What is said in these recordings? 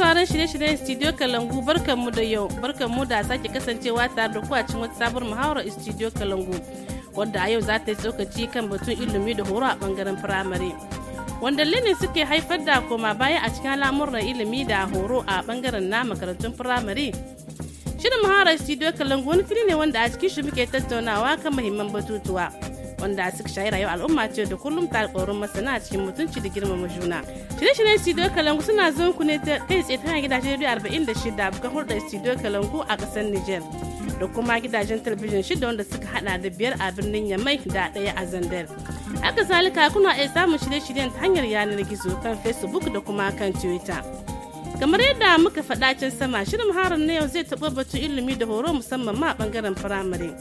sauran shirye-shiryen studio kalangu mu da yau mu da sake kasancewa tare da ku a cikin wata sabuwar muhawarar studio kalangu wanda a yau za ta yi tsokaci kan batun ilimi da horo a bangaren firamare wanda ne suke haifar da koma baya a cikin al'amuran ilimi da horo a bangaren na makarantun firamare shirin muhawarar studio kalangu wani fili ne wanda a cikin shi muke tattaunawa kan muhimman batutuwa wanda suka shayi rayuwar al'umma ce da kullum ta alƙawarin masana cikin mutunci da girmama juna. Shirye-shiryen Studio Kalangu suna zuwa ku ne ta kai tsaye ta gidajen rediyo arba'in da shida bukan hulɗar Studio Kalangu a ƙasar Nijar. Da kuma gidajen talabijin shida wanda suka haɗa da biyar a birnin Yamai da ɗaya a Zandar. Haka zalika kuna iya samun shirye-shiryen ta hanyar yanar gizo kan Facebook da kuma kan Twitter. kamar yadda muka faɗa can sama shirin harin na yau zai taɓa batun ilimi da horo musamman ma a ɓangaren firamare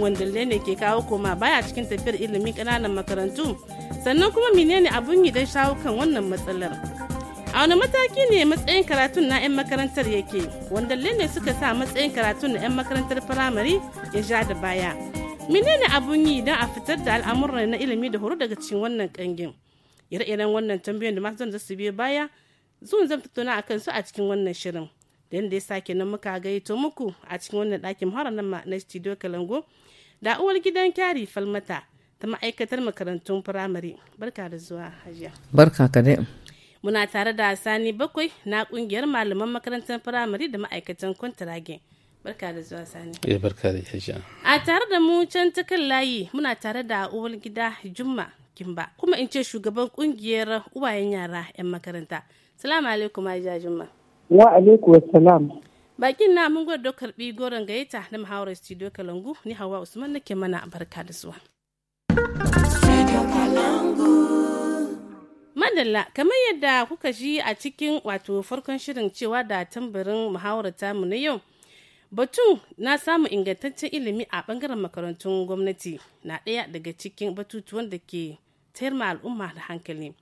lokacin ne ke kawo koma baya cikin tafiyar ilimin kananan makarantu sannan kuma menene abun yi don shawo kan wannan matsalar a wani mataki ne matsayin karatun na 'yan makarantar yake Wandalle ne suka sa matsayin karatun na 'yan makarantar firamare ya sha da baya menene abun yi don a fitar da al'amuran na ilimi da horo daga cikin wannan kangin ire-iren wannan tambayoyin da masu zan su biyo baya zuwan zan tattauna akan su a cikin wannan shirin da yadda ya sake nan muka gaito muku a cikin wannan ɗakin haranan na studio kalango da uwar gidan kyari falmata ta ma'aikatar makarantun firamare barka da zuwa hajiya barka ka dai muna tare da sani bakwai na kungiyar malaman makarantar firamare da ma'aikatan kwantaragen barka da zuwa sani eh barka da hajiya a tare da mu can ta kan layi muna tare da uwar gida jumma kimba kuma in ce shugaban kungiyar uwayen yara 'yan makaranta salamu alaikum hajiya jumma wa alaikum assalam bakin na mun gwada karbi goron gayyata na muhawarar studio kalangu ni hawa usman nake mana barka da zuwa madalla kamar yadda kuka ji a cikin wato farkon shirin cewa da tambarin muhawarar tamu na yau batun na samu ingantaccen ilimi a bangaren makarantun gwamnati na ɗaya daga cikin batutuwan da ke tayar al'umma da hankali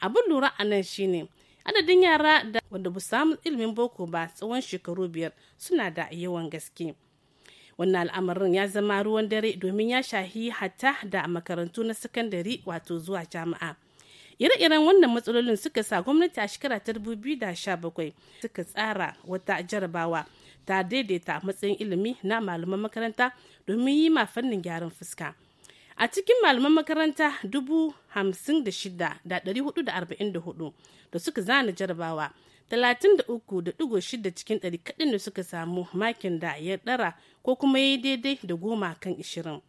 abin lura a nan shine adadin yara da wanda bu samu ilimin boko ba tsawon shekaru biyar suna da yawan gaske wannan al'amarin ya zama ruwan dare domin ya shahi hatta da makarantu na sakandare wato zuwa jami'a ire-iren wannan matsalolin suka sa gwamnati a shekara ta 2017 suka tsara wata jarabawa ta daidaita matsayin ilimi na malaman makaranta domin yi ma fannin gyaran fuska a cikin malaman makaranta 56,444 da suka zana jarabawa 33.6 cikin ɗari kaɗin da suka samu makin da ya ɗara ko kuma ya yi daidai da goma kan 20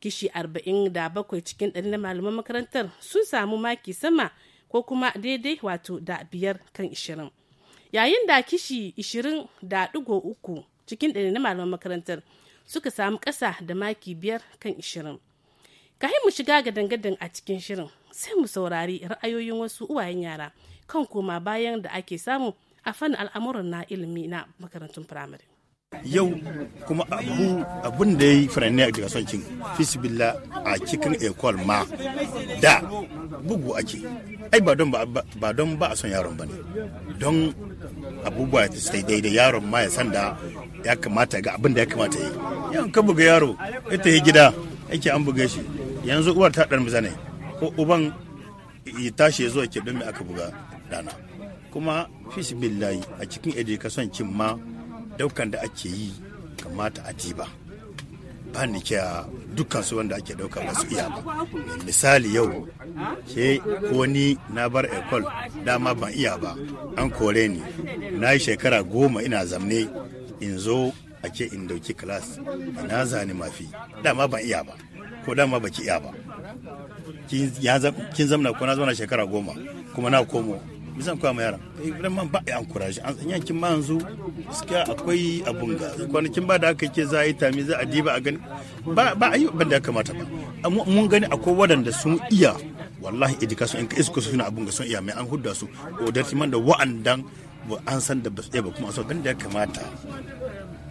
kishi 47 cikin ɗari na malaman makarantar sun samu maki sama ko kuma daidai wato da biyar kan 20 yayin da kishi 20.3 cikin ɗari na malaman makarantar suka samu ƙasa da maki biyar kan 20 ka mu shiga ga dangadin a cikin shirin sai mu saurari ra'ayoyin wasu uwayen yara kan koma bayan da ake samu a fannin al'amuran na ilimi na makarantun firamare. yau kuma abu abun da ya yi firanni a daga son cin a cikin ekol ma da bugu ake ai ba don ba don ba a son yaron ba ne don abubuwa ya sai daidai yaron ma ya san da ya kamata ga abin da ya kamata yi yan ka buga yaro ita yi gida yake an buga shi yanzu uwar ta ɗan zane ko uban ya tashi ya zo ke don aka buga dana kuma fisbillahi a cikin education cin ma daukan da ake yi kamata a ji ba ni ke dukkan su wanda ake dauka ba su iya ba misali yau ke wani na bar ecole dama ban iya ba an kore ni na yi shekara goma ina zamne in zo a ce in dauki class na zani mafi dama ban iya ba ko dama baki iya ba kin zamna ko na zauna shekara goma kuma na komo bisan kwa yara man ba an kurashi an sanya ma yanzu gaskiya akwai abun ga kwanakin ba da aka ke za a yi tami za a diba a gani ba ba ayi ban da kamata ba mun gani akwai wadanda sun iya wallahi idika sun inka isko su suna abun ga sun iya mai an hudda su odarti man da wa'andan an san da ba tsaye ba kuma so ban da ya kamata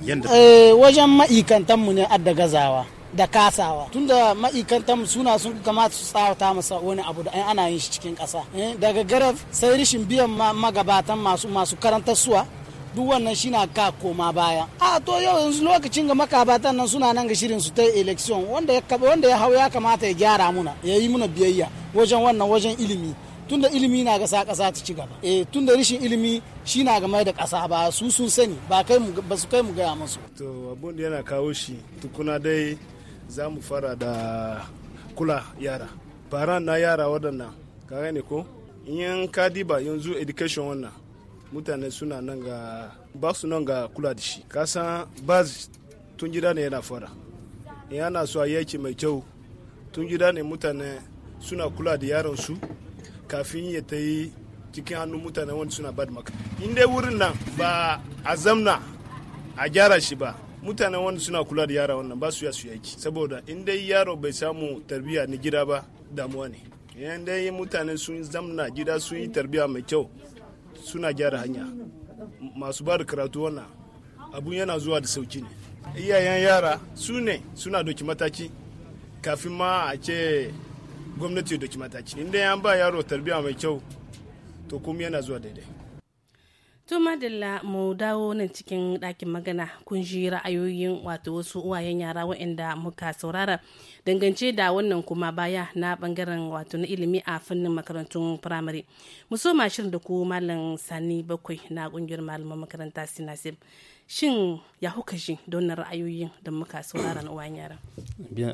Eh, wajen ma'ikantanmu ne adda gazawa da kasawa tunda ma'ikantanmu suna sun kamata su tsawata masa wani abu da ana yin shi cikin ƙasa eh, daga garaf sai rishin biyan magabatan masu masu karanta suwa duk wannan shi na ka koma baya a to yau yanzu lokacin ga makabatan nan suna nan ga shirin su ta election wanda ya wanda ya hau ya kamata ya gyara muna ya yi muna biyayya wajen wannan wajen ilimi tunda ilimi na ga sa ƙasa ta ci gaba eh tunda rashin ilimi shi na mai da ƙasa ba su sun sani ba kai mu ba su kai mu gaya musu to abun da yana kawo shi tukuna dai za mu fara da kula yara fara na yara waɗannan ka gane ko in ka diba yanzu education wannan mutane suna nan ga ba su nan ga kula da shi ka san ba tun gida ne yana fara yana so a yaki mai kyau tun gida ne mutane suna kula da yaron su kafin ya ta yi cikin hannun mutane wanda suna bad maka in wurin nan ba a zamna a gyara shi ba mutane wanda suna kula da yara wannan ba su yasu yaki saboda in yaro bai samu tarbiya na gida ba damuwa ne sun zamna gida sun yi tarbiya mai kyau suna gyara hanya masu ba da karatu wannan abun yana zuwa da sauki ne iyayen yara su ne suna doki mataki kafin ma a ce gwamnati da doki inda ya ba yaro tarbiyya mai kyau to kuma yana zuwa daidai to madalla mu dawo nan cikin ɗakin magana kun ji ra'ayoyin wato wasu uwayen yara waanda muka saurara dangance da wannan kuma baya na bangaren wato na ilimi a fannin makarantun firamare mu so shirin da ku malam sani bakwai na ƙungiyar malaman makaranta sinasib shin ya huka shi da wannan ra'ayoyin da muka saurara na uwayen yara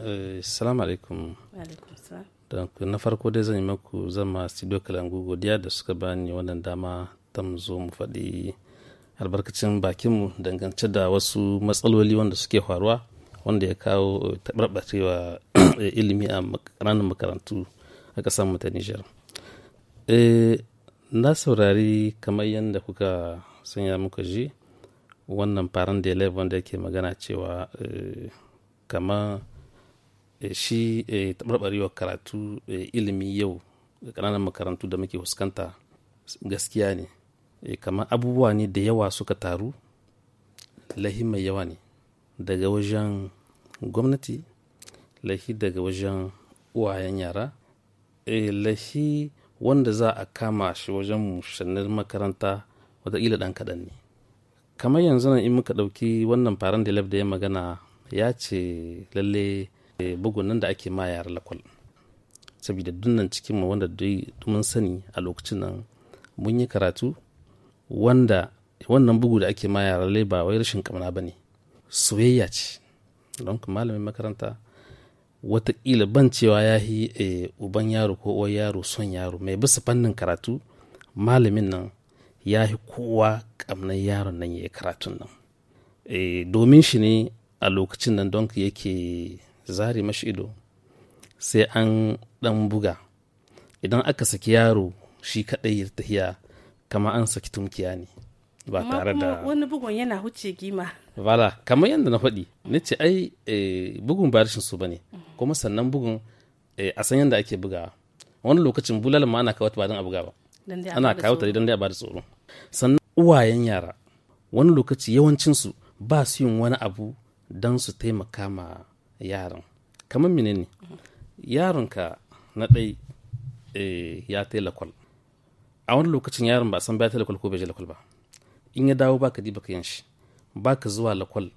eh, alaikum alaikum salam donc na farko dai zan yi maku zama studio kalangu godiya da suka bani wannan dama ta mu zo mu faɗi albarkacin bakinmu dangance da wasu matsaloli wanda suke faruwa wanda ya kawo taɓarɓacewa eh, ilimi a ƙananan makarantu a ƙasar mu ta Nijar. Eh, na saurari kamar yanda kuka sanya muka ji wannan faran da wanda yake magana cewa eh, kamar Eh, shi eh, taɓarɓarewar karatu eh, ilimi yau ƙananan makarantu da muke fuskanta gaskiya ne kamar abubuwa ne da yawa suka taru lahi mai yawa ne daga wajen gwamnati lahi daga wajen uwayen yara lahi wanda za a kama shi wajen mushannin makaranta wataƙila ɗan kaɗan ne kamar yanzu nan in muka ɗauki wannan faran da ya magana ya ce lallai bugun nan da ake ma yara lakwal saboda dunnan cikin mu wanda mun sani a lokacin nan mun yi karatu wanda wannan bugu da ake ma yara ba wai rashin kamana ba ne soyayya ce don malamin makaranta watakila ban cewa ya yi eh, uban yaro ko uwar yaro son yaro mai bisa fannin karatu malamin nan ya yi kowa kamnan yaron nan ya yi karatun nan eh, domin shi ne a lokacin nan don yake zare mashi ido sai an dan buga idan aka saki yaro shi kadai ya tahiya kama an saki tumkiya ne ba tare da wani bugun yana huce gima Bala kamar yadda na faɗi na ce ai eh, bugun ba rashin su bane mhm. kuma sannan bugun eh, a san yadda ake bugawa wani lokacin bulal ma ana kawo ba don a buga ba ana kawo ta don dai a bada tsoro sannan uwayen yara wani lokaci yawancinsu ba su yin wani abu don su taimaka ma yaron kamar menene yaronka na ɗai eh, ya ta lakwal a wani lokacin yaron ba san ba ya ta lakwal ko bai je lakwal ba in ya dawo baka di baka yanshi shi baka zuwa lakwal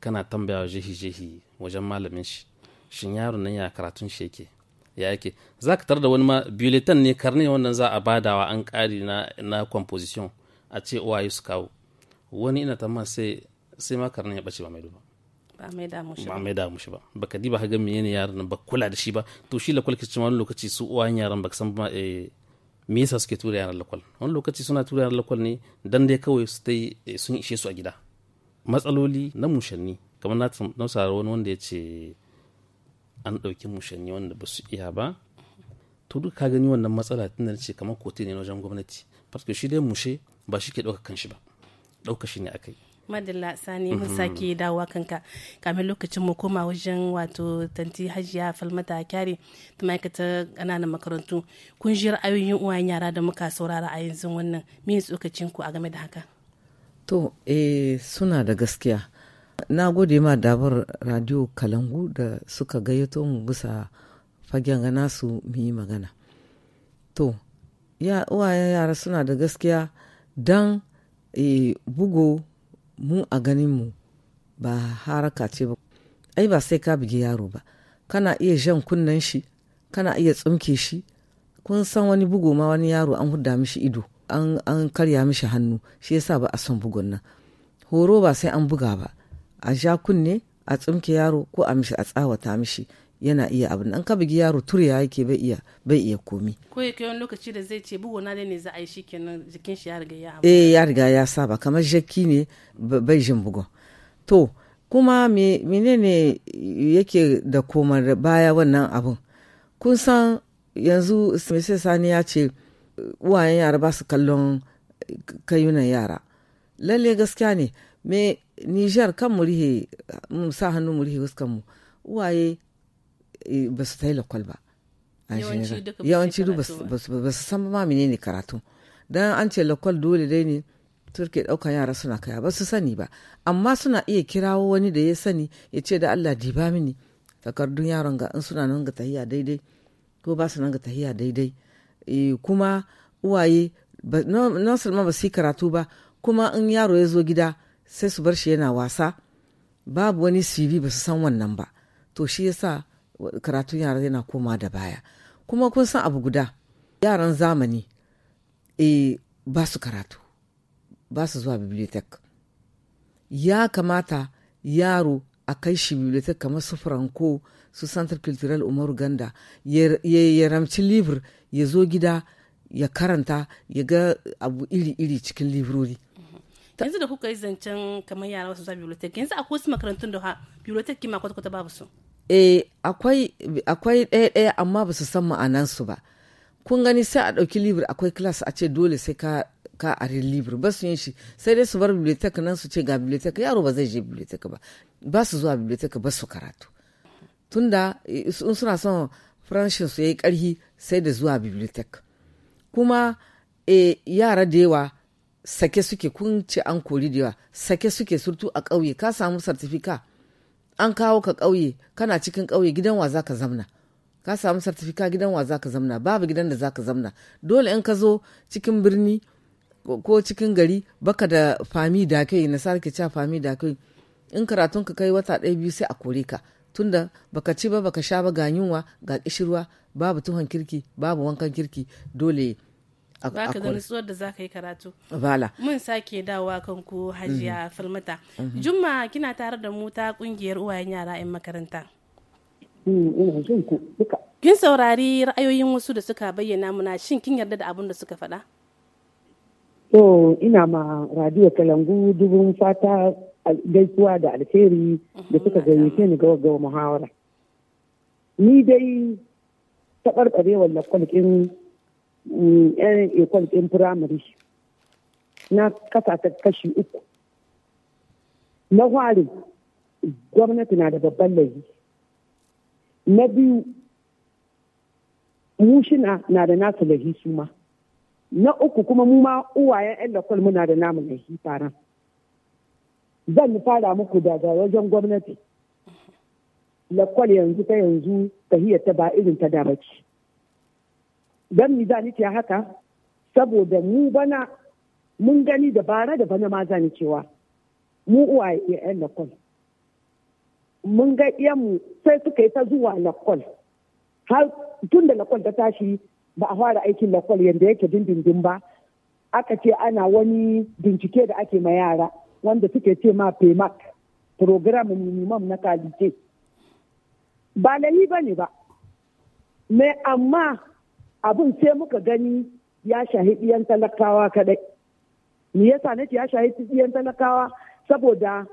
kana tambayawa jehi jehi wajen malamin shi shin yaron nan ya karatun shi yake ya yake za ka tar da wani ma bulletin ne karne wannan za a badawa an ƙari na na composition a ce uwaye su kawo wani ina tamma sai sai ma karne ya ɓace ba mai duba ba mai damu shi ba ba baka diba hagan ga yanayi yaran ba kula da shi ba to shi lakwal ke cikin wani lokaci su uwayen yaran baka san ba eh, me yasa suke tura yaran lakwal wani lokaci suna tura yaran lakwal ne dan dai kawai su ta eh, sun ishe su a gida matsaloli na mushanni kamar na tsamsa wani wanda ya ce an ɗauki mushanni wanda ba su iya ba to duk ka gani wannan matsala tun da ce kamar kotu ne wajen gwamnati parce shi dai mushe ba shi ke ɗaukar kanshi ba ɗauka shi ne akai madalla sani mun mhm. sake dawowa kanka kamin lokacin mu koma wajen wato tanti hajiya falmata kyare ta ma'aikata ƙananan makarantu kun ji ra'ayoyin uwayen yara da muka saurara a yanzu wannan me tsokacin ku a game da haka to eh suna da gaskiya na gode ma dabar radio kalangu da suka gayyato mu bisa fagen gana su mu yi magana to ya uwayen yara suna da gaskiya dan e, eh, bugu mu a ganin mu ba haraka ce ba ai ba sai ka bugi yaro ba kana iya jan kunnen shi kana iya tsumke shi kun san wani bugo ma wani yaro an hudda mishi ido an, an karya mishi hannu shi yasa ba a son bugun nan horo ba sai an buga ba a ja kunne a tsumke yaro ko a mishi a tsawata mishi yana iya abin an ka bugi yaro turya yake bai iya bai iya komi ko yake wani lokaci da zai ce bugu na ne za a yi shi kenan jikin shi ya riga ya eh ya riga ya saba kamar jaki ne bai jin bugun to kuma menene yake da komar baya wannan abun kun san yanzu sai sani ya ce uwayen yara ba su kallon kayunan yara lalle gaskiya ne me nijar kan murhe mu sa hannu mu rihe mu uwaye ba su tai lokal ba yawanci ba su san ma menene karatu dan an ce lokal dole dai ne turke ɗaukan yara suna kaya ba su sani ba amma suna iya kirawo wani da ya sani ya ce da allah diba mini takardun yaron ga in suna nan ga tahiya daidai ko ba su nan ga tahiya daidai e, kuma uwaye na sulma ba su yi karatu ba kuma in yaro ya zo gida sai su bar shi yana wasa babu wani cv ba su san wannan ba to shi yasa karatun yara yana koma da baya kuma kun san abu guda yaran zamani e ba su karatu ba su zuwa bibliotek ya kamata yaro a kai shi bibliotek kamar su franco su centre cultural umaru ganda ya ramci libir ya zo gida ya karanta ya ga abu iri-iri cikin librori yanzu da kuka yi zancen kamar yara wasu zuwa bibliotek yanzu akwai wasu makarantun da ha bibliotek kima kwata-kwata babu su eh akwai ɗaya ɗaya amma ba su san ma'anansu ba kun gani sai a ɗauki libir akwai class a ce dole sai ka ka a libir ba su yin shi sai dai su bar biblioteca nan su ce ga biblioteca yaro ba zai je biblioteca ba ba su zuwa biblioteca ba su karatu tunda eh, in suna son franshin su yayi karhi sai da zuwa biblioteca kuma e, yara da yawa sake suke kun ce an kori da yawa sake suke surtu a ƙauye ka samu sartifika an kawo ka ƙauye kana cikin ƙauye gidan wa za ka zamna ka samu sartifika gidan wa za ka zamna babu gidan da za ka zamna dole in ka zo cikin birni ko cikin gari baka da fami da kai na sarki ca fami da kai in karatun ka kai wata ɗaya biyu sai a kore ka tunda baka ci ba baka sha ba ga yunwa ga kishirwa babu tuhon kirki babu wankan kirki dole baka da nutsuwar da zaka yi karatu bala mun sake dawowa kan ku hajiya mm-hmm. falmata mm-hmm. juma kina tare da mu ta kungiyar uwayen yara yan makaranta mm, kin saurari ra'ayoyin wasu da suka bayyana muna shin kin yarda da abin da suka faɗa to ina ma radio kalangu dubun fata gaisuwa da alheri da mm-hmm. suka gayyace ni ga muhawara ni dai taɓarɓarewar lakwalkin 'yan ikon ɗin firamare na kasa ta kashi uku na fari gwamnati na da babban laifi na biyu mushina na da nasu laifi su ma na uku kuma mu ma uwayen 'yan lakwal muna da namu laifi fara zan fara muku daga wajen gwamnati lakwal yanzu ta yanzu ta ta ba irin ta da bace don mi zani haka saboda mu bana mun gani da bara da bana ma zani cewa mu uwaye yan lakon mun ga iyanmu sai suka yi ta zuwa lakon har tun da lakon ta tashi ba a fara aikin lakon yadda yake dindindin ba aka ce ana wani bincike da ake ma yara wanda suke ce ma pemac program minimum na kalite ba bane ba ne ba amma abin sai muka gani ya shahi ɗiyan talakawa kadai me yasa nake ya shahi ɗiyan talakawa saboda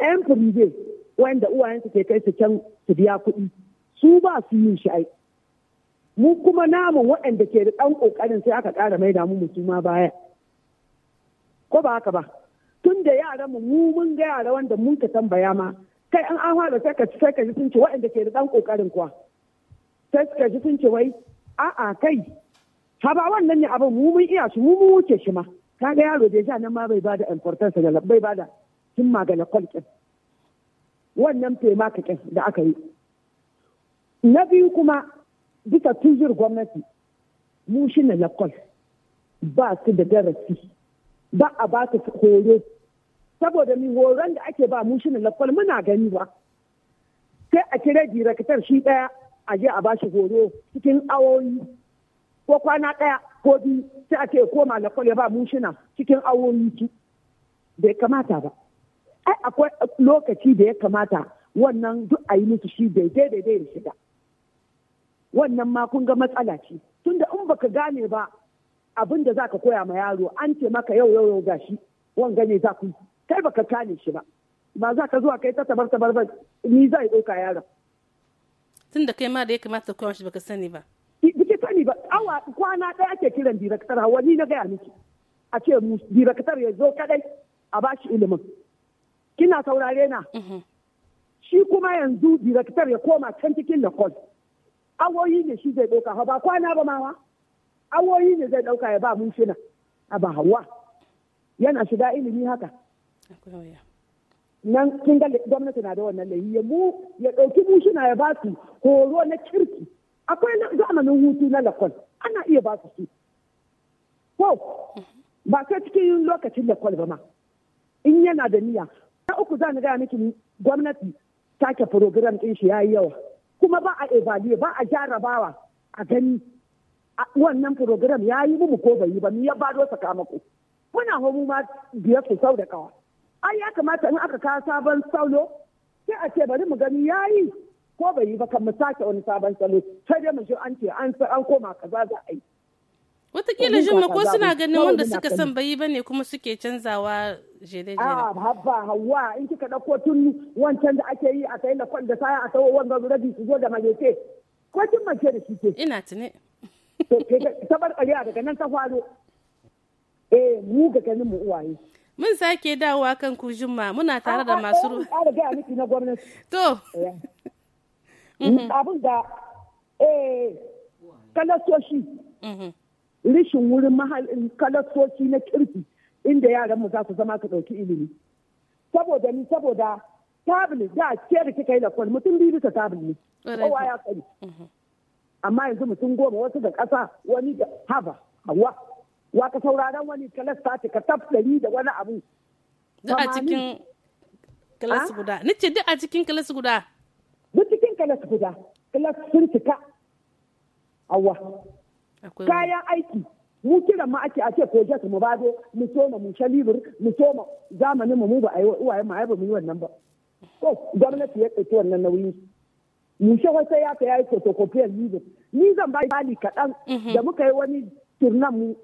'yan firibe wanda uwayensu ke kai su can su biya kuɗi su ba su yin shi mu kuma namu waɗanda ke da ɗan ƙoƙarin sai aka ƙara mai damu mu suma baya ko ba haka ba tun da yaran mu mu mun ga yara wanda mun ka tambaya ma kai an an da sai ka ji sun ce waɗanda ke da ɗan ƙoƙarin kuwa sai suka ji sun ce wai a'a kai ta ba wannan ne abin mu mun iya su mu mu wuce shi ma ka ga yaro da ya nan ma bai bada importance ga bai bada himma ga lakwalkin wannan ma kakin da aka yi na biyu kuma bisa tuzur gwamnati mu shi na lakwal ba su da darasi ba a ba su horo saboda mi horon da ake ba mu shi na lakwal muna gani ba sai a kira direktar shi ɗaya a je a bashi horo cikin awoyi ko kwana ɗaya ko biyu sai ake koma na kwale ba mushina cikin awoyi ki bai kamata ba ai akwai lokaci da ya kamata wannan duk a yi musu shi bai daidai da shiga wannan ma kun ga matsala ce tunda in baka gane ba abin da zaka koya ma yaro an ce maka yau yau yau gashi wanga ne za ku kai baka kane shi ba ba za ka zuwa kai ta tabar tabar ba ni zai ɗauka yaron tunda kai ma da ya kamata koya shi baka sani ba bike sani ba awa kwana ɗaya ake kiran direktar hawa ni na gaya miki a ce direktar ya zo kadai a bashi ilimin kina saurare na mhm. shi kuma yanzu direktar ya koma can cikin lakol awoyi ne shi zai ɗauka ba kwana ba mawa awoyi ne zai ɗauka ya ba mun shina a ba hawa yana shiga ilimi haka nan kin ga gwamnati na da wannan lahi ya mu ya ɗauki bushina ya ba su horo na kirki akwai zamanin hutu na lakon ana iya ba su su ko ba sai cikin lokacin lakon ba ma in yana da niyya na uku za ni gaya miki gwamnati take program ɗin shi yayi yawa kuma ba a evaluate ba a jarabawa a gani wannan program yayi yi mu ko bai yi ba ni ya ba bado sakamako muna homu ma biya su sau da kawa ai ya kamata in aka kawo sabon salo sai a ce bari mu gani ya yi ko bai yi ba kan mu sake wani sabon salo sai dai mu ji an ce an an koma kaza za a yi Wataƙila jin ko suna ganin wanda suka san bayi ba ne kuma suke canzawa jere-jere. A ah, habba hawa in kika ɗauko tun wancan da ake yi a kai lakon da saya a kawo wanga rabi su zo da malece. Ko kin mace da shi ke? Ina tuni. To ke tabar ƙarya daga nan ta faro. Eh mu ga ganin mu uwaye. Mun sake dawowa kan ku jumma muna tare da masu ruwa. Ƙara gaya miki na gwamnati. To. Eh. Mhm. Abin da eh, kalasoshi. Mhm. Rishin wurin kalasoshi na kirki inda yaran mu za su zama ka ɗauki ilimi. Saboda ni saboda tablet da ke da kika yi da kwal mutum biyu ta tablet ne. Kowa ya sani. Mhm. Amma yanzu mutum goma wasu da ƙasa wani da haba hawa. wata sauraron wani kalas ta ka tab dari da wani abu duk a cikin kalas ah? guda nace duk a cikin kalas guda duk cikin kalas guda kalas sun cika awa kayan aiki mu kira ma ake ake ko jet mu zo mu soma mu shalibir mu soma zamanin mu mu ba ayi uwaye ma ayi ba mu yi wannan ba ko gwamnati ya ɗauki wannan nauyi mu sha wata ya ta yayi photocopy libir ni zan ba bali kaɗan mhm. da muka yi wani turnan mu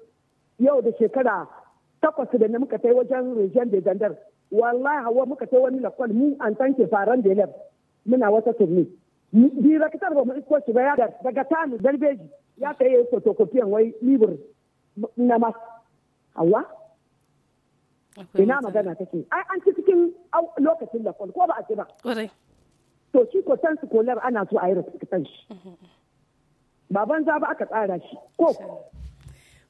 yau da shekara takwas da na muka kai wajen region da zandar wallahi hawa muka kai wani lakwal mu an tanke faran da lab muna wata turmi direktar ba mu iskoci shi ba ya daga tanu dalbeji ya kai yayi wai libur na ma hawa ina magana take ai an ci cikin lokacin lakwal ko ba a ci ba to shi ko san su kolar ana so a yi rafikitan shi mhm. baban za ba aka tsara shi ko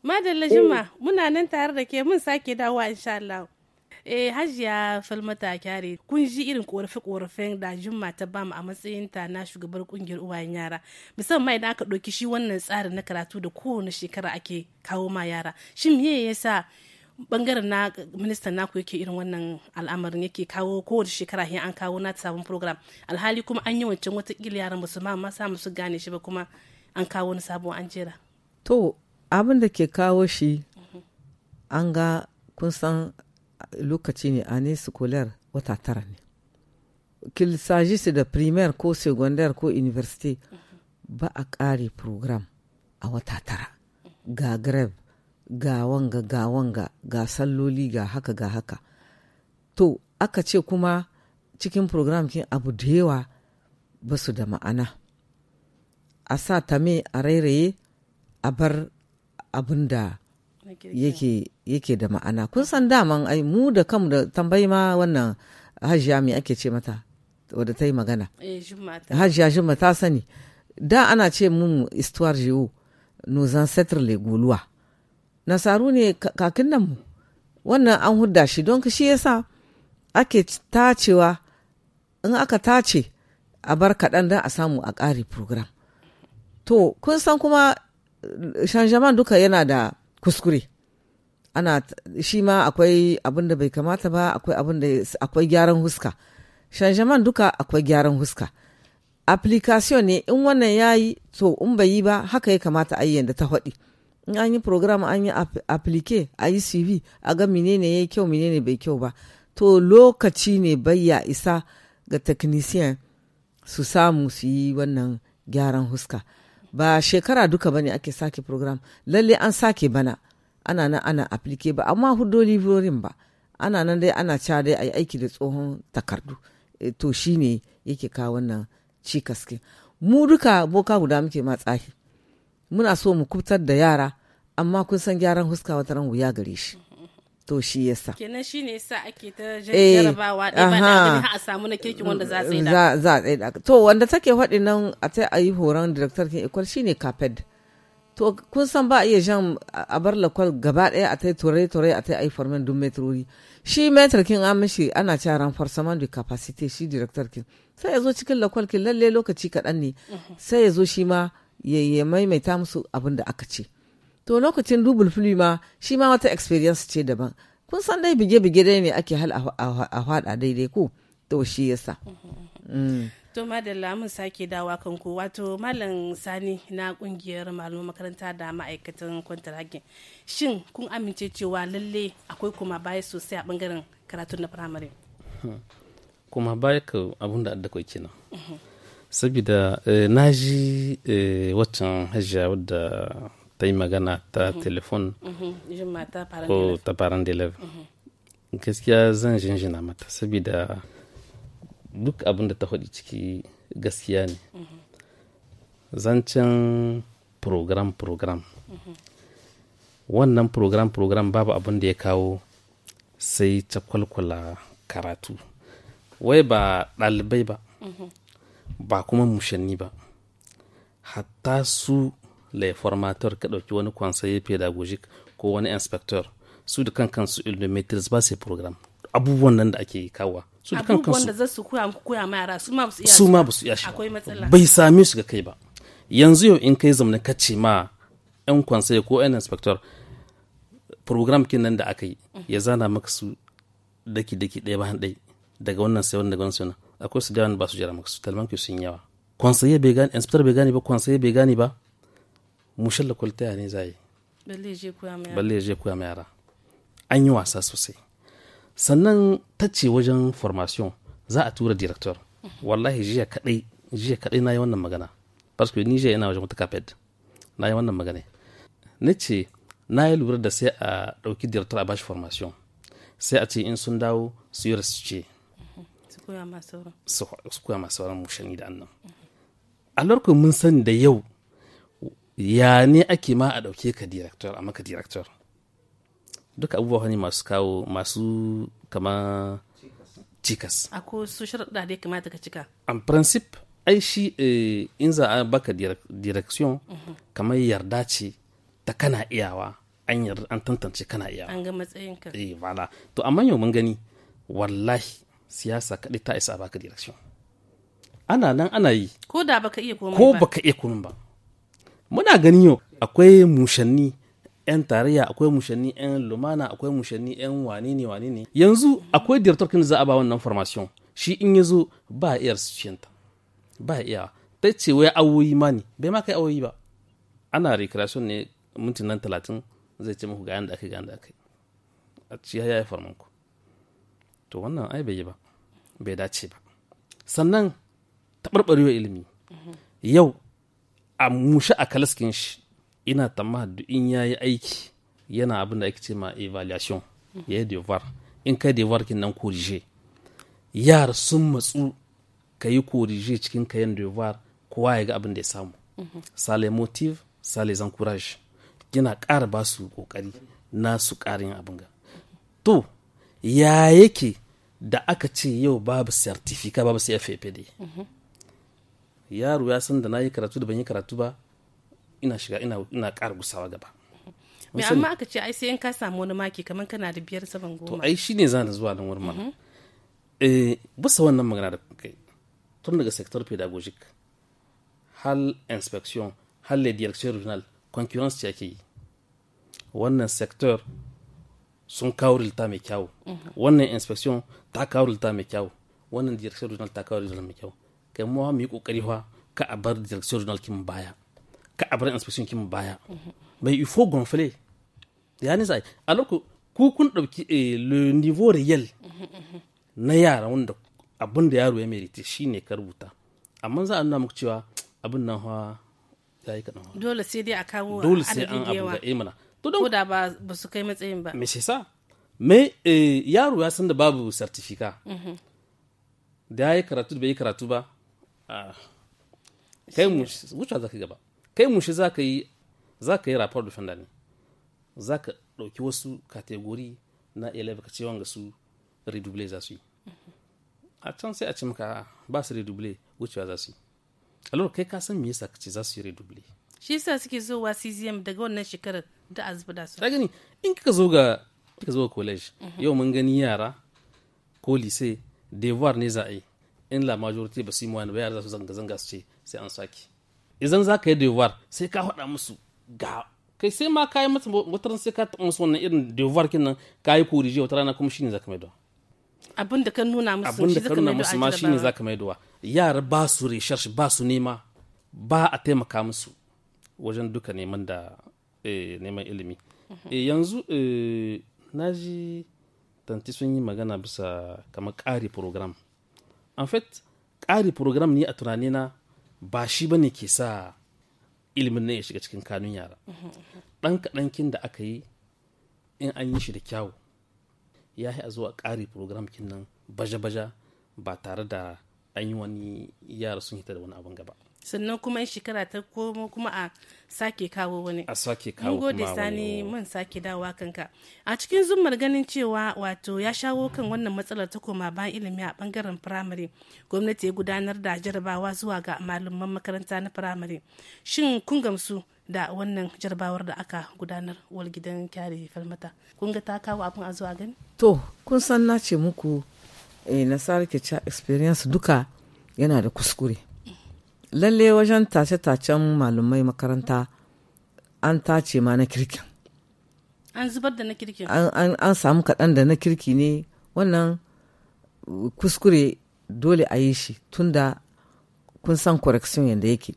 Madalla eh. Juma, muna nan tare da ke mun sake dawowa insha Allah. Eh Hajiya Falmata Kyare, kun ji irin korafe korafin da Juma ta bamu a matsayin ta na shugabar kungiyar uwayen yara. Musamman da aka ɗauki shi wannan tsarin na karatu da kowane shekara ake kawo ma yara. Shin me yasa bangaren na ministan naku yake irin wannan al'amarin yake kawo kowace shekara hin an kawo na sabon program alhali kuma an yi wancan watakila yaran ba su ma samu su gane shi ba kuma an kawo na sabon an jera to abin da ke kawo shi an ga kun san lokaci ne a nesikolar wata tara ne qu'il s'agisse da primaire ko secondaire ko university ba a ƙare program a wata tara ga grave ga wanga ga wanga ga salloli ga haka ga haka to aka ce kuma cikin program kin abu da yawa ba su da ma'ana a sa ta tame a rairaye a bar abin da yake da ma'ana kun san daman ai mu da kam da tambayi ma wannan hajiya me ake ce mata wadda ta yi magana eh, hajiya juma ta sani da ana ce mu istuwar jiwo nos ancêtres les gaulois nasaru ne kakin nan mu wannan an hudda shi don shi yasa ake tacewa in aka tace a bar kaɗan don a samu a ƙari program to kun san kuma shanjaman duka yana da kuskure ana shi ma akwai abin da bai kamata ba akwai abin da akwai gyaran huska shanjaman duka akwai gyaran huska application ne in wannan ya yi to in bai yi ba haka ya kamata a yi yadda ta haɗi in an yi program an yi applique a yi cv a ga menene ya yi kyau menene bai kyau ba to lokaci ne bayya isa ga technician su samu su yi wannan gyaran huska ba shekara duka bane ake sake program lalle an sake bana ana nan ana aplike ba amma hudo librorin ba ana nan dai ana ca dai a yi aiki da tsohon takardu eh, to shine yake kawo wannan cikaskin mu duka boka guda muke ma tsahi muna so mu kubtar da yara amma kun san gyaran huska wata ran wuya gare shi to shi ya sa kenan shi ne sa ake ta eh, jarabawa ɗaya ba da a samu na kirkin wanda za a yi da za a da to wanda take faɗi nan a ta yi horon director kin shi shine Kafed. to kun san ba a iya jan a bar lakwal gaba ɗaya a ta yi turai turai a ta yi formen dun metrori shi metr kin an mishi ana cewa reinforcement da capacité shi director kin sai ya zo cikin lakwal kin lalle lokaci kaɗan ne mhm. sai ya zo shi ma ya maimaita musu abin da aka ce to lokacin dubul fili ma shi ma wata experience ce daban kun san dai bige-bige dai ne ake hal a faɗa daidai ko to shi yasa mm. to madalla mun sake dawa kan ku wato malam sani na kungiyar malaman makaranta da ma'aikatan kwantaragin shin kun amince cewa lalle akwai kuma baya sosai a bangaren karatu na firamare kuma baya ka abun da adda kai kenan saboda eh, na ji eh, watan hajiya wadda ta yi magana ta mhm. telefon mhm. ko ta faran delive mhm. gaskiya zan jinjina mata saboda duk abin da ta faɗi ciki gaskiya ne zancen program program wannan program program babu abin da ya kawo sai cakwalkwala karatu wai ba ɗalibai ba ba kuma mushanni ba hatta su le formateur ka ɗauki wani conseiller pedagogic ko wani inspector su da kan kansu ilmi matrix ba sai program abubuwan nan da ake kawa su da kan kansu abubuwan da za su koya muku koya ma yara su ma ba su iya su ma ba su iya shi akwai matsala bai same su ga kai ba yanzu yau in kai zamanin ka ce ma yan conseiller ko yan inspector program kin nan da aka yi ya zana maka su daki daki ɗaya bayan ɗaya daga wannan sai wannan daga wannan sai akwai su da ba su jira maka su talman ki sun yawa conseiller bai gane inspector bai gane ba conseiller bai gane ba mushin da kwalta ne za yi balle je koya ma yara an yi wasa sosai sannan ta ce wajen formation za a tura director wallahi jiya kadai jiya kadai na yi wannan magana parce que ni yana wajen wata kafed na yi wannan magana ne ce na yi lura da sai a ɗauki director a bashi formation sai a ce in sun dawo su yi rasu ce su koya masu sauran mushani da annan A lorkun mun sani da yau ya ne ake ma a ɗauke ka director a maka director duka abubuwa ne masu kawo masu kama cikas a ko su sharaɗa da ya kamata ka cika an principe ai shi eh, in za a baka direction mhm. kamar yarda ce ta kana iyawa an yarda an tantance kana iyawa an ga matsayin ka. eh wala to amma yau mun gani wallahi siyasa kaɗai ta isa a baka direction ana nan ana yi ko da baka iya komai ba ko baka iya komai ba muna gani yau akwai mushanni 'yan tarayya akwai mushanni 'yan lumana akwai mushanni 'yan wane ne wane ne yanzu akwai director kin za a ba wannan formation shi in ya zo ba iya ta ba iya ta ce wai awoyi ma ne bai ma kai awoyi ba ana recreation ne minti nan talatin zai ce muku ga yanda aka ga yanda aka a ci ya yi farman ku to wannan ai bai yi ba bai dace ba sannan taɓarɓarewa ilimi mhm. yau a mushe a kalaskin shi ina tamma duk in yi aiki yana abin da ake ce ma evaluation ya yi devoir in kai devoir kin nan korije yara sun matsu ka yi korije cikin kayan devoir kowa ya ga abin da ya samu sale motive sale zan courage yana ƙara ba su kokari na su ƙarin abin ga to ya yake da aka ce yau babu certificate babu cfpd yaro ya san da na yi karatu da ban yi karatu ba ina shiga ina ina ƙara gusawa gaba mai amma aka ce ai sai in ka samu wani maki kamar kana da biyar saban goma to ai shine zan zuwa nan wurin mana mhm. eh bisa wannan magana da kai tun daga sector pedagogic hal inspection hal le direction regional concurrence ce ake yi wannan sector sun kawo rilta mai kyau mhm. wannan inspection ta kawo rilta mai kyau wannan direction regional ta kawo rilta mai kyau kai mu mu yi kokari fa ka a bar direction journal kin baya ka a bar inspection kin baya bai ifo gonfle ya ni sai alors que ku kun dauki eh, le niveau réel na yara wanda abin da yaro ya merite shine ka rubuta amma za a nuna muku cewa abin nan fa yayi yi kaɗan dole sai dai a kawo dole sai an abu ga imana eh, to don da ba ba su kai matsayin ba me sa me eh, yaro ya san da babu certificate mhm. da ya yi karatu da bai yi karatu ba Ah. kai mu wuce za ka gaba kai mu shi za ka yi za ka yi rapport da fanda ne za ka ɗauki wasu kategori na elebe ka ce wanga su redouble za su yi a can sai a ce maka ah, ba su redouble wucewa za su yi alor kai ka san me yasa ka ce za su yi redouble shi yasa suke zuwa CZM daga wannan shekarar da azuba da su ka gani in kika zo ga kika zo college mhm. yau mun gani yara ko lise devoir ne za a yi in la majority ba su yi wani ba yara za su zanga-zanga su ce sai an saki idan za ka yi devoir sai ka faɗa musu ga kai sai ma ka yi mata wataran sai ka taɓa musu wannan irin devoir kin nan ka yi korije wata rana kuma shine za ka maido abin da ka nuna musu abin da ka nuna musu ma shine za ka maidowa yara ba su research ba su nema ba a taimaka musu wajen duka neman da eh, neman ilimi eh, yanzu eh, na ji tanti sun yi magana bisa kamar ƙari program en fait ƙari program ne a tunani na ba shi ba ne ke sa ilimin ne ya shiga cikin kanun yara ɗan kaɗankin da aka yi in an yi shi da kyawu ya yi a zuwa ƙari program kin nan baja-baja ba tare da an yi wani yara sun hita da wani abin gaba sannan kuma in shekara ta komo kuma a sake kawo wani a sake kawo kuma gode sani man sake dawowa kanka a cikin zumar ganin cewa wato ya shawo kan wannan matsalar ta koma bayan ilimi a bangaren firamare gwamnati ya gudanar da jarabawa zuwa ga malaman makaranta na firamare shin kun gamsu da wannan jarabawar da aka gudanar wal gidan kyare falmata kun ga ta kawo abin a zuwa gani to kun san na ce muku eh, sarki ke experience duka yana da kuskure lalle wajen tace-tacen malumai makaranta an tace ma na kirkin an zubar da na kirkin an samu kaɗan da na kirki ne wannan kuskure dole a yi shi tun da kun san correction yadda yake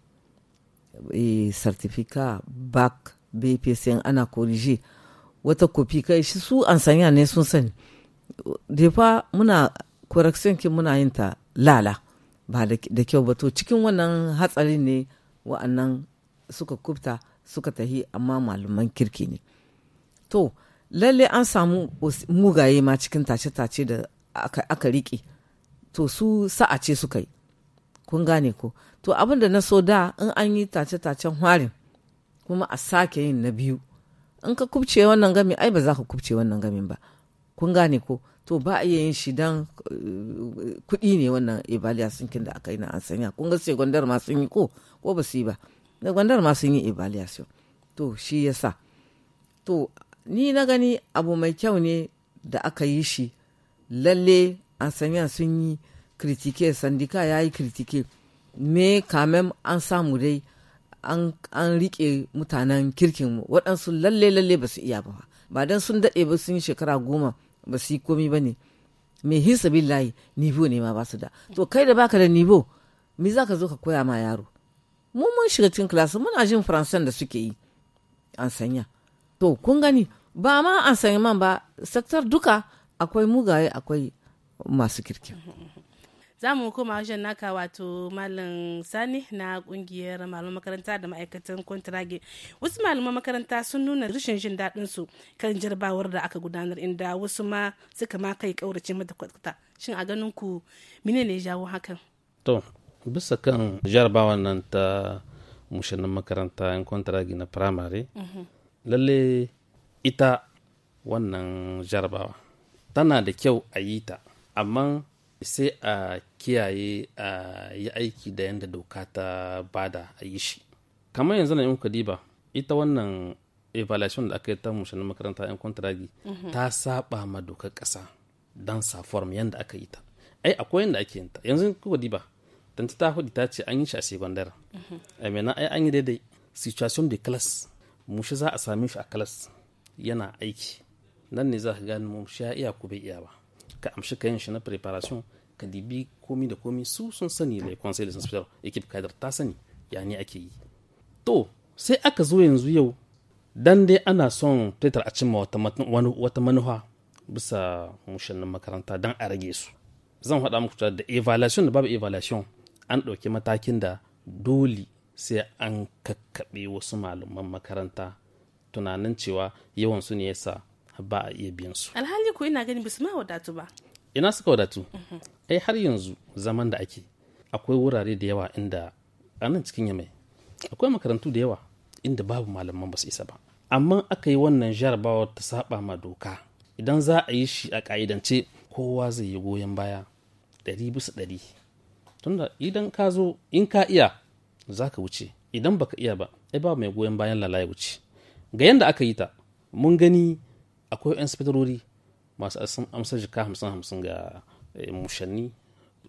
e, certificate back bps ana korije wata kofi kai shi su an sanya ne sun sani defa muna correction ki muna yin ta lala ba da kyau ba to cikin wannan hatsari ne wa'annan suka kubta suka tahi amma malaman kirki ne to lalle an samu mugaye ma cikin tace-tace da aka riƙe to su sa'a ce suka yi kun gane ko to abin da na so da in an yi tace-tacen hwarin kuma a sake yin na biyu in ka kubce wannan gami ai ba za ka kubce wannan gamin ba kun gane ko to ba a yin shi dan eh, kuɗi ne wannan ibaliya kin da aka yi na an sanya kun ga sai gwandar ma sun yi ko ko ba su yi ba da gwandar ma sun yi evaluation to shi ya sa to ni na gani abu mai kyau ne da aka yi shi lalle an sanya sun yi kritike sandika ya yi kritike me kamen an samu dai an, rike mutanen kirkinmu waɗansu lalle lalle ba su iya ba ba don sun daɗe ba sun shekara goma ba su yi komi ba ne mai hisa billahi nivo ne ma ba su da to kai da baka da nivo me za ka zo ka koya ma yaro mu mun shiga cikin kilasa muna jin faransan da suke yi an sanya to kun gani ba ma an sanya man ba sektar duka akwai mugaye akwai masu kirki mm-hmm. za mu koma wajen naka wato malam sani na kungiyar malaman makaranta da ma'aikatan kwantarage wasu malaman makaranta sun nuna rashin jin daɗin su kan jarbawar da aka gudanar inda wasu ma suka ma kai kaurace mata kwata shin a ganin ku mine ne jawo hakan to bisa kan jarbawar nan ta mushannin makaranta yan kwantarage na firamare mhm. lalle ita wannan jarabawa tana da kyau a yi ta amma sai a kiyaye a yi aiki da yadda doka ta bada a yi shi kamar yanzu na yin diba ita wannan evaluation da aka yi ta na makaranta yan kwantaragi mhm. ta saba ma dokar kasa don form yadda aka yi ta ai akwai yadda ake yin ta yanzu kuka diba tanti ta hudu ta ce an yi shi a secondary mhm. a mena ai an yi daidai situation de class mushe za a sami shi a class yana aiki nan ne za ka gane mushe ya iya ku bai iya ba ka amshi kayan shi na preparation ka dibi komi da komi su sun sani da conseil des inspecteurs equipe cadre ta sani ya ne ake yi to sai aka zo yanzu yau dan dai ana son tetar a cimma wata manufa bisa mushannin makaranta dan a rage su zan faɗa muku da evaluation da babu evaluation an ɗauki matakin da dole sai an kakkaɓe wasu malaman makaranta tunanin cewa yawan su ne yasa ba a iya biyan su alhali ko ina gani bisu ma wadatu ba ina suka wadatu ai mhm. eh, har yanzu zaman da ake akwai wurare da yawa inda a nan cikin yamai akwai makarantu da yawa inda babu malaman ba su isa ba amma aka yi wannan jarabawa ta saba ma doka idan za a yi shi a ka'idance kowa zai yi goyon baya ɗari bisa ɗari tunda idan ka zo in ka iya za ka wuce idan baka iya ba ai babu mai goyon bayan lala ya wuce ga yanda aka yi ta mun gani akwai 'yan sifirori masu amsar jika hamsin hamsin ga eh, mushanni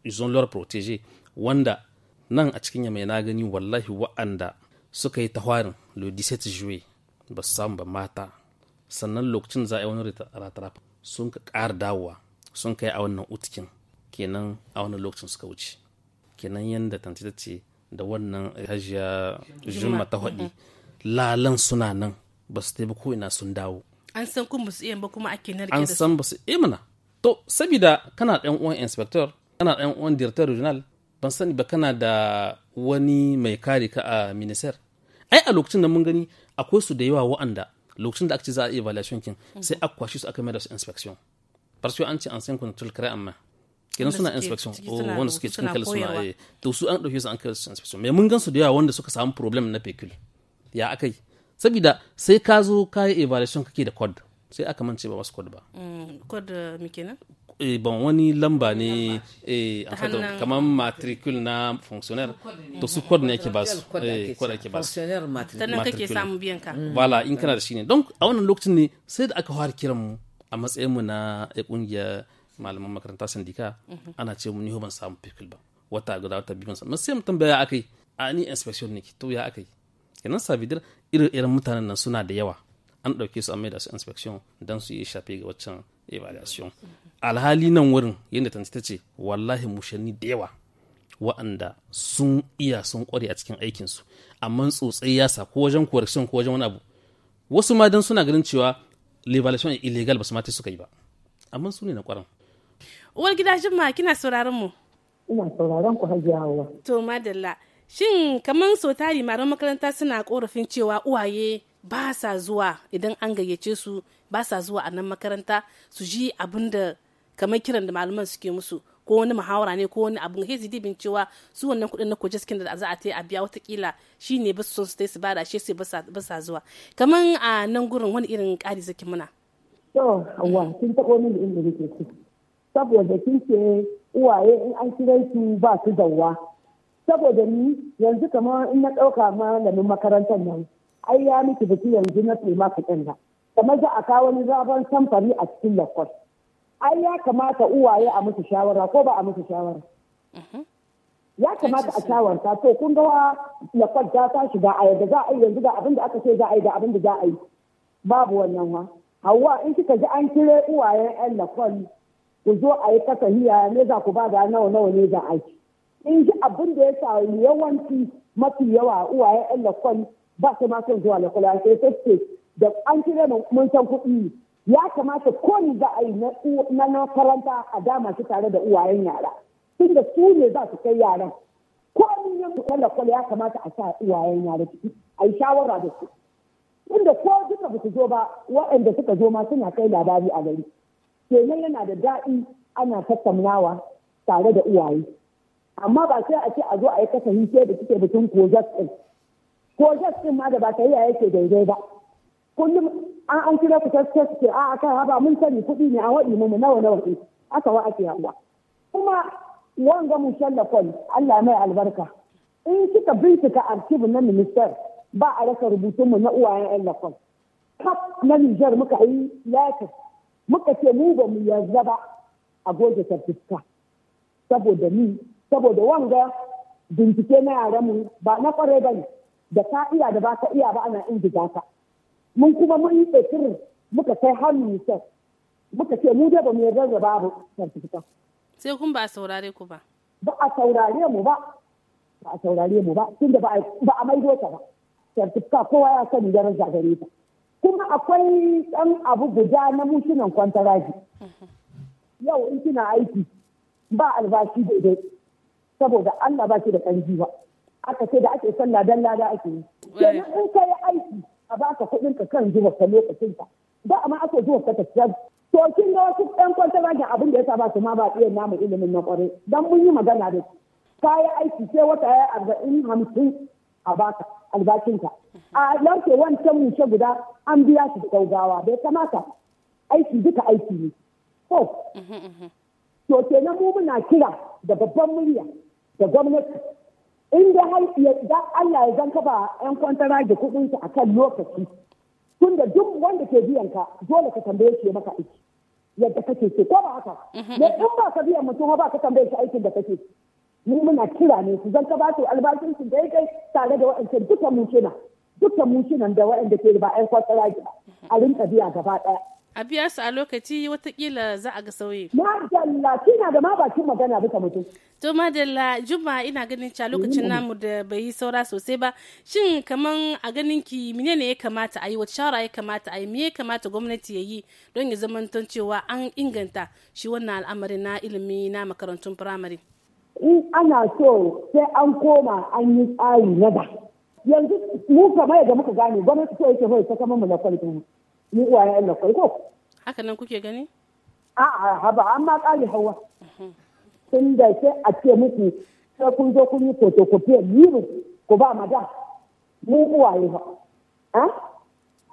izon lor protege wanda nan a cikin yamai na gani wallahi wa'anda suka yi tawarin le 17 juillet ba su samu ba mata sannan lokacin za a yi wani ratarap sun ka ƙara dawowa sun kai a wannan utkin kenan a wannan lokacin suka wuce kenan yadda ta ce da wannan eh, hajiya juma ta haɗi lalan suna nan ba su taimako ina sun dawo an san kun ba su iya ba kuma ake narke da su an san ba su iya mana to sabida kana ɗan uwan inspector kana ɗan uwan director regional ban sani ba kana da wani mai kare ka a minister ai a lokacin da mun gani akwai su da yawa wa'anda lokacin da aka ce za a iya evaluation kin mhm. sai aka kwashi su aka mai da su inspection parce an ce an san kun tul kare amma kenan suna inspection oh, wanda suke cikin kala suna eh. to su an ɗauke su an kai su inspection mai mun gan su da yawa wanda suka samu problem na pecul ya akai saboda sai ka zo ka yi evaluation kake da code sai aka mance ba wasu code ba mm, code uh, muke kenan eh ban wani lamba ne eh kamar matricule na fonctionnaire to su code ne yake ba su code yake eh, ba su sannan kake samu biyan ka wala mm. in kana da shi ne don a wannan lokacin ne sai da aka fara kiran mu a matsayin mu na kungiya eh, malaman makaranta sandika mhm. ana ce mu ni ban samu pupil ba wata guda wata biyu ban samu sai mu tambaya akai a ni inspection ne to ya akai kenan sabidar irin mutanen nan suna da yawa an ɗauke su an mai da su inspection don su yi shafe ga waccan evaluation alhali nan wurin yadda tanti ta ce wallahi mushanni da yawa wa'anda sun iya sun kware a cikin aikinsu amma tsotsai ya sa ko wajen correction ko wajen wani abu wasu ma dan suna ganin cewa evaluation illegal ba su mata suka yi ba amma su ne na kwaran uwar gida jimma kina sauraron mu ina sauraron ku hajiyawa to madalla shin kamar sau tari maran makaranta suna korafin cewa uwaye ba sa zuwa idan an gayyace su ba sa zuwa a nan makaranta su ji abin da kamar kiran da malaman suke musu ko wani muhawara ne ko wani abin hezi dibin cewa su wannan kudin na kuje skin da za a ta yi a biya watakila shi ne ba su son su bada shi sai ba sa zuwa kamar a nan gurin wani irin kari zaki muna. to hawa kin taɓo min da inda nake saboda kin ce uwaye in an kiran su ba su dawa saboda ni yanzu kamar in na ɗauka malamin makarantar nan ai ya miki biki yanzu na tsima ka ɗin nan kamar za a kawo wani zaben samfari a cikin lakwas ai ya kamata uwaye a musu shawara ko ba a musu shawara mm-hmm. ya kamata a shawarta to kun ga lakwas za ta shiga a yadda za a yi yanzu ga abin da aka ce za a yi da abin da za a yi babu wannan wa hawa in kika ji an kire uwayen yan lakwas ku zo a yi kasahiya ne za ku ba da nawa nawa ne za a yi in ji abin da ya samu yawanci mafi yawa a uwaye yan lakon ba su ma son zuwa lakon sai ta ce da an kira mun san kuɗi ya kamata ko ni za a yi na a dama shi tare da uwayen yara tun da su ne za su kai yaran ko ni ya lakon ya kamata a sa uwayen yara ciki a yi shawara da su tun da ko duka ba su zo ba waɗanda suka zo ma suna kai labari a gari kenan yana da daɗi ana tattaunawa tare da uwaye amma ba sai a ce a zo a yi kasafin sai da suke bikin kojas ɗin kojas ɗin ma da ba ta yaya yake daidai ba kullum an an kira ku taske ce a kai haba mun sani kuɗi ne a waɗi mun nawa nawa ne aka wa ake yawa kuma wanga mun shallafon Allah mai albarka in kika bincika archive na minister ba a rasa rubutun mu na uwayen yan lafon kaf na Nijar muka yi latin muka ce mu ba mu yarda ba a goge tarfiska saboda ni saboda wanga bincike na mu ba na kware ba ne da ka iya da ba ka iya ba ana ingiza ka mun kuma mun yi tsekirin muka kai hannu sai muka ce mu dai ba mu yarda da babu certificate sai kun ba saurare ku ba ba a saurare mu ba ba a saurare mu ba tunda ba a maido ta ba certificate kowa ya sani ranza gare ta kuma akwai ɗan abu guda na mutunan kwantaraji mhm. yau in kina aiki ba albashi daidai saboda Allah ba shi da ƙarfi ba aka ce da ake sallah dan lada ake yi kenan in yi aiki a baka kuɗin ka kan zuwa ka lokacin ka da amma ake zuwa ka tafiya to kin ga wasu ɗan kwantarajin abin da ya sa ba su ma ba iya namu ilimin na ƙwarai dan mun yi magana da su yi aiki sai wata ya yi arba'in hamsin a baka albacinka a lauke wancan mushe guda an biya su da gaugawa bai kamata aiki duka aiki ne to mm-hmm, mm-hmm. to kenan mu muna kira da babban murya da gwamnati inda har da Allah ya zanka ba 'yan kwantara da kuɗinsu a kan lokaci tun da duk wanda ke biyan ka dole ka tambaye shi maka aiki yadda kake ce ko ba haka ne mhm. in ba ka biyan mutum ba ka tambaye shi aikin da kake ni muna kira ne su zanka ba su albashin su da kai tare da wa'ancan duka mu kina duka da waɗanda ke ba 'yan kwantara ba a rinka biya gaba ɗaya a biya su a lokaci watakila za a ga sauyi. Madalla kina da ma bakin magana duka mutum. To madalla Juma ina ganin cewa lokacin namu da bai yi saura sosai ba shin kaman a ganin ki mine ne ya kamata a yi wata shawara ya kamata a yi me ya kamata gwamnati ya yi don ya zamanton cewa an inganta shi wannan al'amari na ilimi na makarantun firamare. In ana so sai an koma an yi tsari na da. Yanzu mu kamar yadda muka gane gwamnati so yake hoyi ta kama mu na kwalitin mu uwaye na kai ko haka nan kuke gani a'a haba amma kali hawa tun da ke a ce muku sai kun zo kun yi photocopy yiru ko ba ma da mu uwaye ba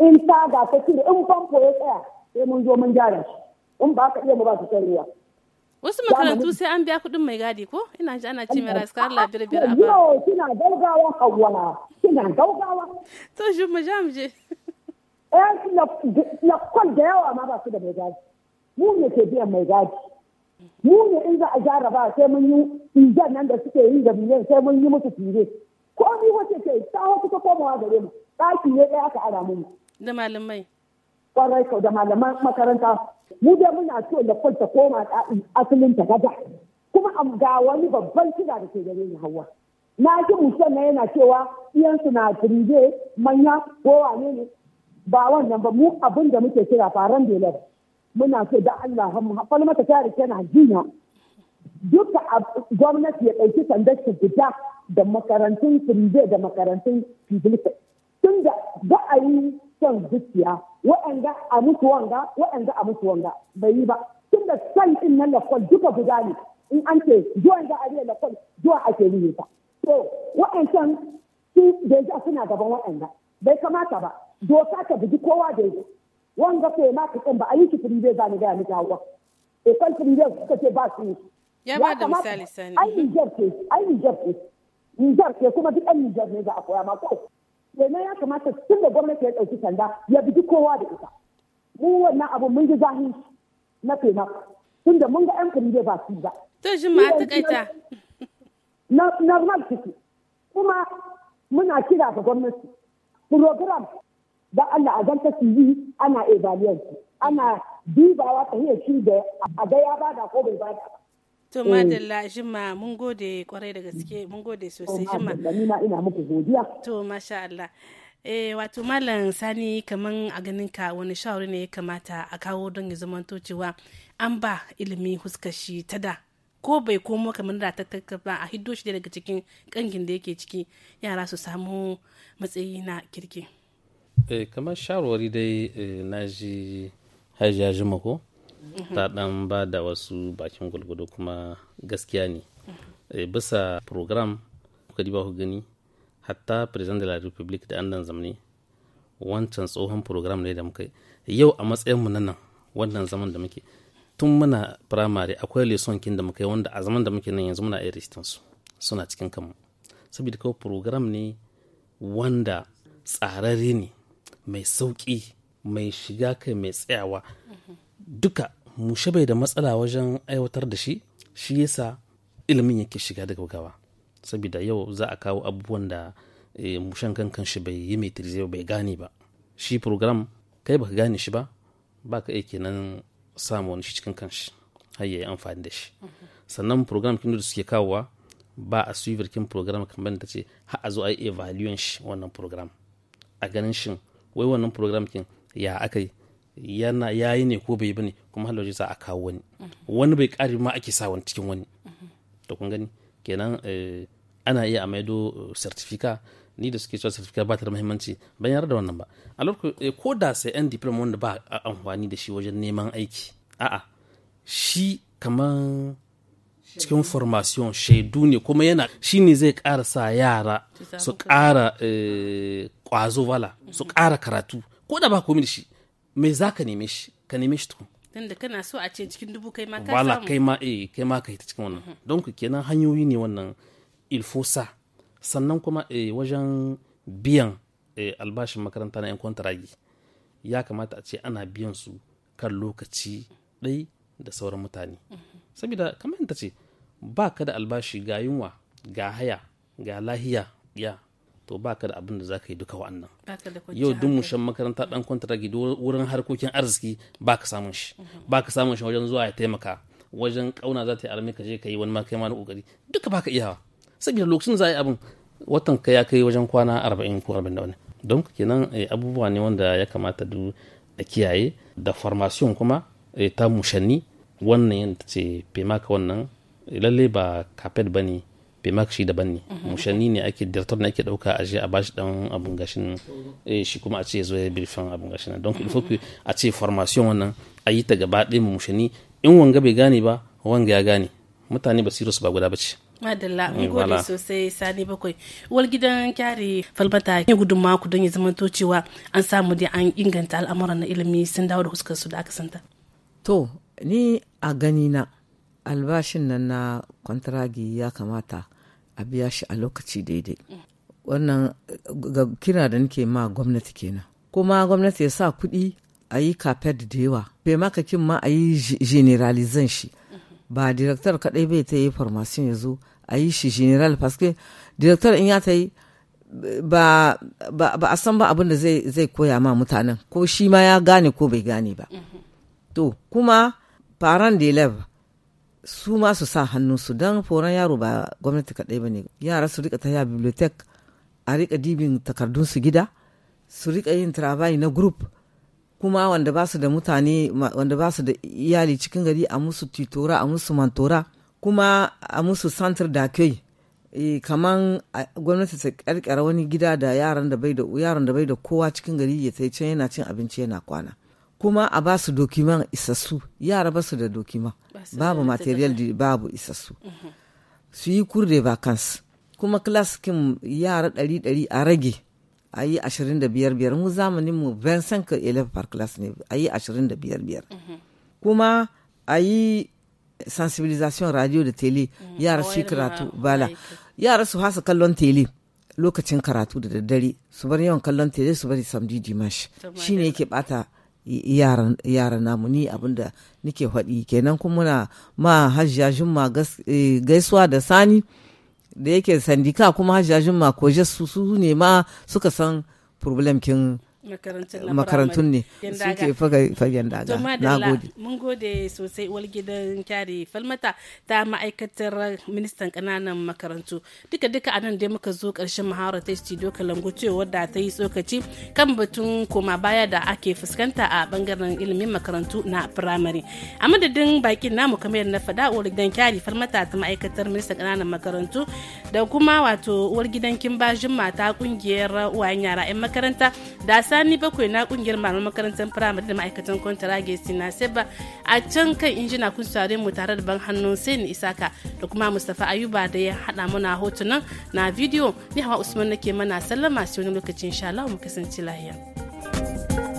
in ta ga ta kire in famfo ya tsaya sai mun zo mun gyara shi in ba ka iya mu ba ka ruwa wasu makarantu sai an biya kuɗin mai gadi ko ina ji ana ce mai raskar labir a ba kina gaugawa hawa kina gaugawa to shi mu ja mu je lakwal da yawa ma ba su da mai gadi mu ne ke biyan mai gadi mu ne in za a ba sai mun yi izan nan da suke yi da miliyan sai mun yi musu fire ko ni wace ce ta wasu ta komawa gare mu ɗaki ne ɗaya aka ara mu da malamai kwarai kau da malaman makaranta mu da muna so lakwal ta koma asalin ta gada kuma ga wani babban shida da ke gare ni hawa na ji mutum yana cewa iyansu na turije manya ko wane ne ba wannan ba mu abin da muke kira faran belar muna so da Allah mu haɓar mata tare tana jina duka gwamnati ya ɗauki sandar su guda da makarantun sunje da makarantun fibilka tun da ba a yi son zuciya wa'anda a mutu wanga wa'anda a mutu wanga bai yi ba tun da san in na lakwal duka guda ne in an ce zuwan za a biya lakwal zuwa ake yi ta to wa'ancan su da suna gaban wa'anda bai kamata ba doka ta bugi kowa da yake wanga sai ma ka ba a yi shi firibe bai ni gaya e kan ekol firibe suka ce ba su yi ya ba da misali sani ai nijar ce ai nijar ce nijar ce kuma duk ɗan nijar ne za a koya ma ko kenan ya kamata tun da gwamnati ya ɗauki sanda ya bugi kowa da ita mu wannan abu mun ji zahi na fema tun da mun ga yan bai ba su ba to shi ma kaita na normal kuma muna kira ga gwamnati program don Allah a su yi ana evaluation ana dubawa ta hanyar shi da a ga ya bada ko bai bada ba. To eh. madalla jima mun gode kwarai da gaske mun gode sosai oh, jima. Ni ma ina muku godiya. To masha Allah. Eh wato malam sani kaman a ganin ka wani shawari ne ya kamata a kawo don ya zamanto cewa an ba ilimi huskashi ta da ko bai komo kamar da ta ba a hiddo shi daga cikin kangin da yake ciki yara su samu matsayi na kirki. Eh, kamar shawarwari dai eh, na ji hajiya jima ko ta dan ba da wasu bakin gulgudu kuma gaskiya ne eh, bisa program kuka ba ku gani hatta president de la republic da andan zamani wancan tsohon program ne da muka yau a matsayinmu na nan wannan zaman da muke tun muna firamare akwai leson kin da muka yi wanda a zaman da muke nan yanzu muna iristan su suna cikin kanmu saboda kawai program ne wanda tsararre ne mai sauƙi mai shiga kai mai tsayawa duka mushe bai da matsala wajen aiwatar da shi shi yasa ilimin yake shiga da gaggawa saboda yau za a kawo abubuwan da eh, mushen kankan shi bai yi mai bai gane ba shi program kai baka gane shi ba baka iya kenan samu wani shi cikin kanshi har yayi amfani da shi sannan program kin da suke kawowa ba a suivirkin program kamar da ce har a zo a yi evaluation shi wannan program a ganin shin wai wannan program kin ya aka yi yana yayi ne ko bai bane kuma halarci za a kawo wani wani bai kare ma ake sa wani cikin wani to kun gani kenan eh, ana iya a maido eh, certificate ni da suke cewa certificate ba ta da muhimmanci ban yarda da wannan ba a lokacin eh, ko da sai yan diploma wanda ba amfani da shi wajen neman aiki a'a shi kaman cikin formation shaidu ne kuma yana shine zai ƙara sa yara su ƙara eh, ƙwazo wala su ƙara karatu ko da ba komi da shi me za ka neme shi ka neme shi tukun tunda kana so a ce cikin dubu kai ma ka wala kai ma eh kai ma ka ta cikin wannan mhm. don ku kenan hanyoyi ne wannan ilfosa sannan kuma eh, wajen biyan eh, albashin makaranta na 'yan kwantaragi ya kamata a ce ana biyan su kan lokaci ɗai da sauran mutane. Mhm. Saboda kamar ta ce ba ka da albashi ga yunwa ga haya ga lahiya ya to ba ka da abin da za ka yi duka wa'annan yau duk mushan makaranta dan kwanta gido wurin harkokin arziki ba ka samun shi ba ka samun shi wajen zuwa ya taimaka wajen kauna za ta yi armi ka je ka yi wani ma kai ma na kokari duka ba ka iyawa saboda lokacin za a yi abin watan ka ya kai wajen kwana 40 ko 40 da wani don kenan eh, abubuwa ne wanda ya kamata du a kiyaye da formation kuma eh, ta mushanni wannan yadda ce ka wannan lalle ba kafet ba ne bemak shi daban ne mhm. mushanni ne ake director ne ake dauka a je a bashi dan abun gashin eh, shi kuma a ce zo ya birfin abun gashin don il faut a ce formation wannan a yi ta gaba ɗaya mushanni in wanga bai gane ba wanga ya gane mutane ba sirus ba guda bace madalla mun eh, gode sosai sani bakwai wal gidan kyare falmata ya gudunma ku don ya to cewa an samu dai an inganta al'amuran na ilimi sun dawo da huskar su da aka santa to ni a gani na albashin nan na kwantaragi ya kamata a biya shi a lokaci daidai wannan kira da nake ma gwamnati kenan kuma gwamnati ya sa kuɗi a yi kafet da yawa bai maka ma a yi generalizan shi ba direktar kaɗai bai ta yi farmasin ya zo a yi shi general paske direktar in ya ta yi ba, a san ba abin da zai, koya ma mutanen ko shi ma ya gane ko bai gane ba to kuma faran da ya su ma su sa hannunsu su don foron yaro ba gwamnati kaɗai ba ne yara su rika taya bibliotek a rika dibin takardun su gida su rika yin travai na group kuma wanda ba su da mutane wanda ba su da iyali cikin gari a musu titora a musu mantora kuma a musu santar da kai e, kaman gwamnati ta karkara wani gida da yaran da bai da kowa cikin gari ya sai can yana cin abinci yana kwana kuma a ba su dokiman isassu yara ba su da dokiman babu material da babu isassu mhm. su yi kurde vacance kuma klasikin yara ɗari ɗari a rage a yi ashirin da biyar biyar mu zamanin mu ben ka elef par class ne a yi ashirin da biyar biyar mhm. kuma a yi sensibilisation radio da tele mhm. yara su karatu bala yara su hasa kallon tele lokacin karatu da daddare su bar yawan kallon tele su bari samdi dimash shine yake bata yaran namu ni abinda nike faɗi kenan kuma muna ma hajjia jumma eh, gaisuwa da sani da yake sandika kuma hajjia jumma koje su ne ma suka san problem kin makarantun ne suke fagen daga na gode mun gode sosai wal gidan kyare falmata ta ma'aikatar ministan kananan makarantu duka duka a nan dai muka zo karshen muhawara ta studio kalangu cewa da ta yi tsokaci kan batun koma baya da ake fuskanta a bangaren ilimin makarantu na firamare a madadin bakin namu kamar na faɗa uwar gidan kyare falmata ta ma'aikatar ministan kananan makarantu da kuma wato uwar gidan kimba jimma ta kungiyar uwayen yara 'yan makaranta da sani bakwai na kungiyar malaman makarantar firamare da ma'aikatan kwantarage sai seba a can kan injina kun sare mu tare da ban hannun ni isaka da kuma mustafa ayuba da ya hada mana hotunan na bidiyo ni hawa usman nake mana sallama sai wani lokacin insha Allah mu kasance lahiya.